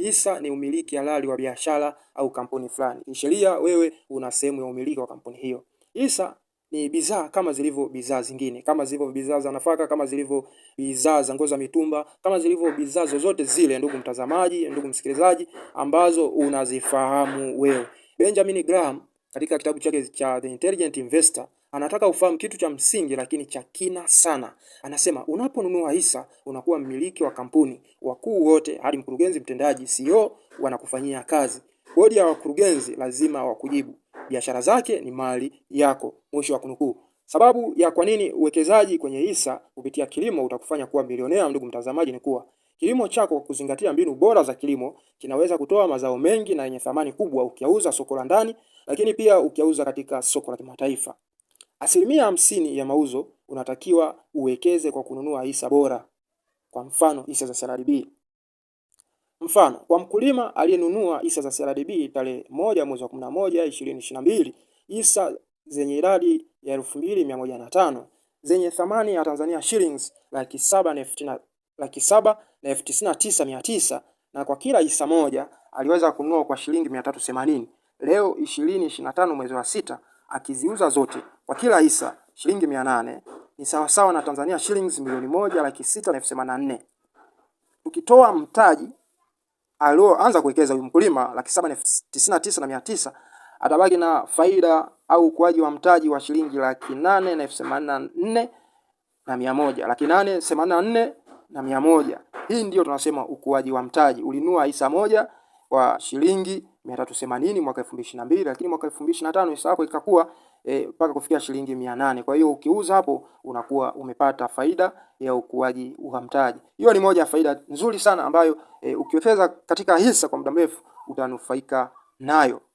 Hisa ni umiliki halali wa biashara au kampuni fulani. Kisheria wewe una sehemu ya umiliki wa kampuni hiyo. Hisa ni bidhaa kama zilivyo bidhaa zingine, kama zilivyo bidhaa za nafaka, kama zilivyo bidhaa za nguo za mitumba, kama zilivyo bidhaa zozote zile, ndugu mtazamaji, ndugu msikilizaji, ambazo unazifahamu wewe. Benjamin Graham katika kitabu chake cha The Intelligent Investor anataka ufahamu kitu cha msingi lakini cha kina sana. Anasema unaponunua hisa unakuwa mmiliki wa kampuni. Wakuu wote hadi mkurugenzi mtendaji CEO wanakufanyia kazi. Bodi ya wakurugenzi lazima wakujibu. Biashara zake ni mali yako. Mwisho wa kunukuu. Sababu ya kwa nini uwekezaji kwenye hisa kupitia kilimo utakufanya kuwa bilionea, ndugu mtazamaji, ni kuwa kilimo chako kuzingatia mbinu bora za kilimo kinaweza kutoa mazao mengi na yenye thamani kubwa, ukiauza soko la ndani, lakini pia ukiauza katika soko la kimataifa. Asilimia hamsini ya mauzo unatakiwa uwekeze kwa kununua hisa bora, kwa mfano hisa za CRDB. Mfano, kwa mkulima aliyenunua hisa za CRDB tarehe moja mwezi wa kumi na moja ishirini ishirini na mbili hisa zenye idadi ya elfu mbili mia moja na tano zenye thamani ya Tanzania shillings laki saba na elfu tisini na tisa mia tisa na kwa kila hisa moja aliweza kununua kwa shilingi mia tatu themanini. Leo ishirini ishirini na tano mwezi wa sita akiziuza zote kwa kila hisa shilingi mia nane ni sawasawa na Tanzania shillings milioni moja laki sita na elfu themanini na nne ukitoa mtaji alioanza kuwekeza huyu mkulima laki saba na tisini na tisa na mia tisa atabaki na faida au ukuaji wa mtaji wa shilingi laki nane na elfu themanini na nne na mia moja laki nane themanini na nne na mia moja. Hii ndiyo tunasema ukuaji wa mtaji. Ulinua hisa moja kwa shilingi 380 mwaka 2022, lakini mwaka 2025 hisa yako ikakuwa mpaka e, kufikia shilingi 800. Kwa hiyo ukiuza hapo unakuwa umepata faida ya ukuaji wa mtaji Hiyo ni moja ya faida nzuri sana ambayo e, ukiwekeza katika hisa kwa muda mrefu utanufaika nayo.